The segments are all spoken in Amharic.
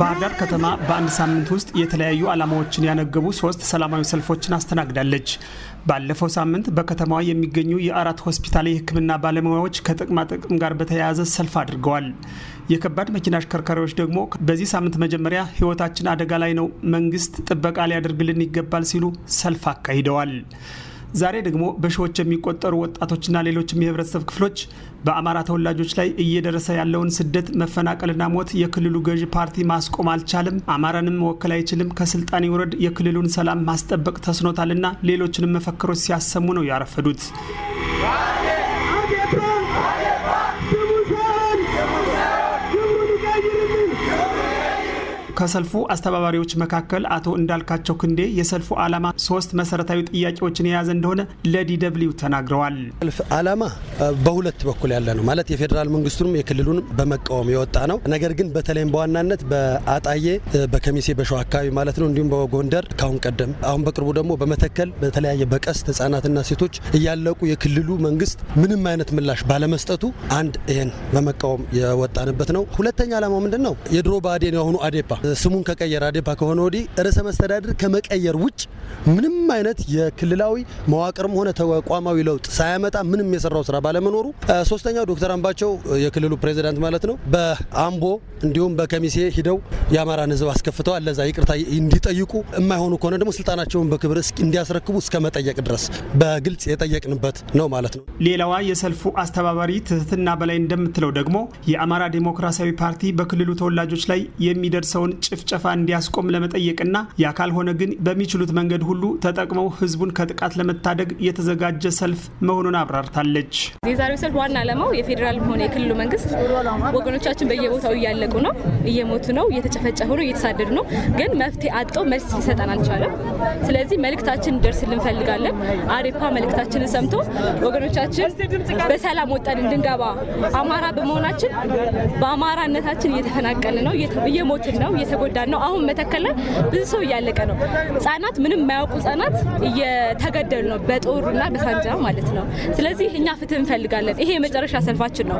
ባህር ዳር ከተማ በአንድ ሳምንት ውስጥ የተለያዩ ዓላማዎችን ያነገቡ ሶስት ሰላማዊ ሰልፎችን አስተናግዳለች። ባለፈው ሳምንት በከተማዋ የሚገኙ የአራት ሆስፒታል የሕክምና ባለሙያዎች ከጥቅማ ጥቅም ጋር በተያያዘ ሰልፍ አድርገዋል። የከባድ መኪና አሽከርካሪዎች ደግሞ በዚህ ሳምንት መጀመሪያ ሕይወታችን አደጋ ላይ ነው፣ መንግስት ጥበቃ ሊያደርግልን ይገባል ሲሉ ሰልፍ አካሂደዋል። ዛሬ ደግሞ በሺዎች የሚቆጠሩ ወጣቶችና ሌሎችም የህብረተሰብ ክፍሎች በአማራ ተወላጆች ላይ እየደረሰ ያለውን ስደት፣ መፈናቀልና ሞት የክልሉ ገዢ ፓርቲ ማስቆም አልቻልም፣ አማራንም መወከል አይችልም፣ ከስልጣን ይውረድ፣ የክልሉን ሰላም ማስጠበቅ ተስኖታልና ሌሎችንም መፈክሮች ሲያሰሙ ነው ያረፈዱት። ከሰልፉ አስተባባሪዎች መካከል አቶ እንዳልካቸው ክንዴ የሰልፉ ዓላማ ሶስት መሰረታዊ ጥያቄዎችን የያዘ እንደሆነ ለዲደብሊው ተናግረዋል። ሰልፍ ዓላማ በሁለት በኩል ያለ ነው ማለት የፌዴራል መንግስቱንም የክልሉንም በመቃወም የወጣ ነው። ነገር ግን በተለይም በዋናነት በአጣዬ በከሚሴ በሸዋ አካባቢ ማለት ነው እንዲሁም በጎንደር ካሁን ቀደም አሁን በቅርቡ ደግሞ በመተከል በተለያየ በቀስት ህጻናትና ሴቶች እያለቁ የክልሉ መንግስት ምንም አይነት ምላሽ ባለመስጠቱ አንድ ይህን በመቃወም የወጣንበት ነው። ሁለተኛ ዓላማው ምንድን ነው? የድሮ ብአዴን የአሁኑ አዴፓ ስሙን ከቀየረ አዴፓ ከሆነ ወዲህ ርዕሰ መስተዳድር ከመቀየር ውጭ ምንም አይነት የክልላዊ መዋቅርም ሆነ ተቋማዊ ለውጥ ሳያመጣ ምንም የሰራው ስራ ባለመኖሩ፣ ሶስተኛው ዶክተር አምባቸው የክልሉ ፕሬዚዳንት ማለት ነው፣ በአምቦ እንዲሁም በከሚሴ ሂደው የአማራን ህዝብ አስከፍተዋል። ለዛ ይቅርታ እንዲጠይቁ የማይሆኑ ከሆነ ደግሞ ስልጣናቸውን በክብር እንዲያስረክቡ እስከ መጠየቅ ድረስ በግልጽ የጠየቅንበት ነው ማለት ነው። ሌላዋ የሰልፉ አስተባባሪ ትህትና በላይ እንደምትለው ደግሞ የአማራ ዲሞክራሲያዊ ፓርቲ በክልሉ ተወላጆች ላይ የሚደርሰውን ጭፍጨፋ እንዲያስቆም ለመጠየቅና ያ ካልሆነ ግን በሚችሉት መንገድ ሁሉ ተጠቅመው ህዝቡን ከጥቃት ለመታደግ የተዘጋጀ ሰልፍ መሆኑን አብራርታለች። የዛሬው ሰልፍ ዋና ዓላማው የፌዴራል ሆነ የክልሉ መንግስት ወገኖቻችን በየቦታው እያለቁ ነው፣ እየሞቱ ነው፣ እየተጨፈጨፉ ነው፣ እየተሳደዱ ነው። ግን መፍትሄ አጥቶ መልስ ሊሰጠን አልቻለም። ስለዚህ መልእክታችን እንደርስ ልንፈልጋለን። አሬፓ መልእክታችንን ሰምቶ ወገኖቻችን በሰላም ወጠን እንድንገባ አማራ በመሆናችን በአማራነታችን እየተፈናቀል ነው፣ እየሞትን ነው፣ እየተጎዳን ነው። አሁን መተከል ላይ ብዙ ሰው እያለቀ ነው። ህጻናት፣ ምንም የማያውቁ ህጻናት እየተገደሉ ነው፣ በጦርና በሳንጃ ማለት ነው። ስለዚህ እኛ ፍትህ እንፈልጋለን። ይሄ የመጨረሻ ሰልፋችን ነው።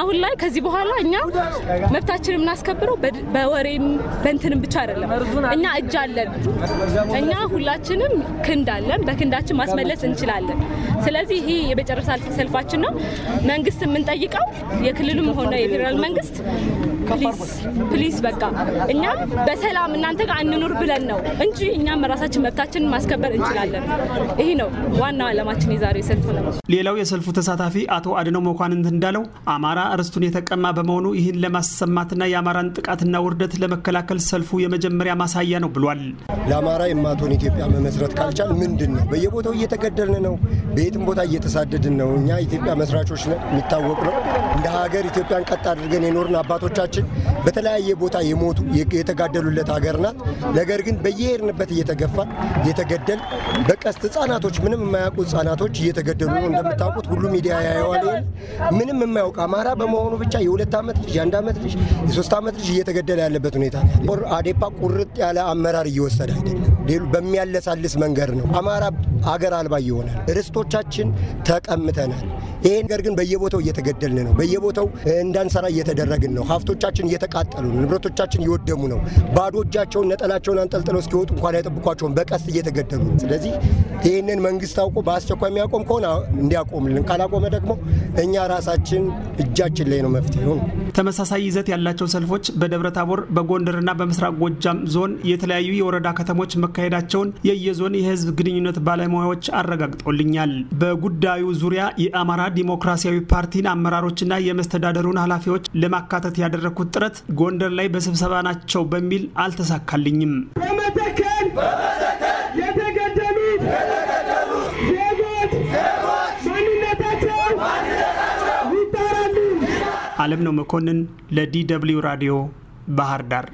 አሁን ላይ ከዚህ በኋላ እኛ መብታችን የምናስከብረው በወሬም በንትንም ብቻ አይደለም። እኛ እጅ አለን። እኛ ሁላችንም ክንድ አለን። በክንዳችን ማስመለስ እንችላለን። ስለዚህ ይሄ የመጨረሻ ሰልፋችን ነው። መንግስት የምንጠይቀው የክልሉም ሆነ የፌዴራል መንግስት ፕሊስ ፕሊስ፣ በቃ እኛ እኛ በሰላም እናንተ ጋር እንኑር ብለን ነው እንጂ እኛም ራሳችን መብታችንን ማስከበር እንችላለን። ይሄ ነው ዋናው ዓላማችን የዛሬው ሰልፍ ነው። ሌላው የሰልፉ ተሳታፊ አቶ አድነው መኳንንት እንዳለው አማራ ርስቱን የተቀማ በመሆኑ ይህን ለማሰማትና የአማራን ጥቃትና ውርደት ለመከላከል ሰልፉ የመጀመሪያ ማሳያ ነው ብሏል። ለአማራ የማትሆን ኢትዮጵያ መመስረት ካልቻል ምንድን ነው? በየቦታው እየተገደልን ነው። በየትም ቦታ እየተሳደድን ነው። እኛ ኢትዮጵያ መስራቾች ነን፣ የሚታወቅ ነው። እንደ ሀገር ኢትዮጵያን ቀጥ አድርገን የኖርን አባቶቻችን በተለያየ ቦታ የሞቱ የተጋደሉለት ሀገር ናት። ነገር ግን በየሄድንበት እየተገፋ እየተገደል በቀስት ህጻናቶች፣ ምንም የማያውቁ ህጻናቶች እየተገደሉ ነው። እንደምታውቁት ሁሉ ሚዲያ ያየዋል። ምንም የማያውቅ አማራ በመሆኑ ብቻ የሁለት ዓመት ልጅ፣ የአንድ ዓመት ልጅ፣ የሶስት ዓመት ልጅ እየተገደለ ያለበት ሁኔታ ነው። አዴፓ ቁርጥ ያለ አመራር እየወሰደ አይደለም በሚያለሳልስ መንገድ ነው። አማራ አገር አልባ ይሆናል። ርስቶቻችን ተቀምተናል። ይሄ ነገር ግን በየቦታው እየተገደልን ነው። በየቦታው እንዳንሰራ እየተደረግን ነው። ሀብቶቻችን እየተቃጠሉ፣ ንብረቶቻችን እየወደሙ ነው። ባዶ እጃቸውን ነጠላቸውን አንጠልጥለው እስኪወጡ እንኳን አይጠብቋቸውም፣ በቀስት እየተገደሉ። ስለዚህ ይህንን መንግስት አውቆ በአስቸኳይ የሚያቆም ከሆነ እንዲያቆምልን፣ ካላቆመ ደግሞ እኛ ራሳችን እጃችን ላይ ነው መፍትሄው። ተመሳሳይ ይዘት ያላቸው ሰልፎች በደብረ ታቦር በጎንደርና በምስራቅ ጎጃም ዞን የተለያዩ የወረዳ ከተሞች መካሄዳቸውን የየዞን የህዝብ ግንኙነት ባለሙያዎች አረጋግጦልኛል። በጉዳዩ ዙሪያ የአማራ ዲሞክራሲያዊ ፓርቲን አመራሮችና የመስተዳደሩን ኃላፊዎች ለማካተት ያደረግኩት ጥረት ጎንደር ላይ በስብሰባ ናቸው ናቸው በሚል አልተሳካልኝም። በመተከል የተገደሉት ዜጎች ማንነታቸው ይጣራሉ። አለም ነው መኮንን ለዲ ደብልዩ ራዲዮ ባህር ዳር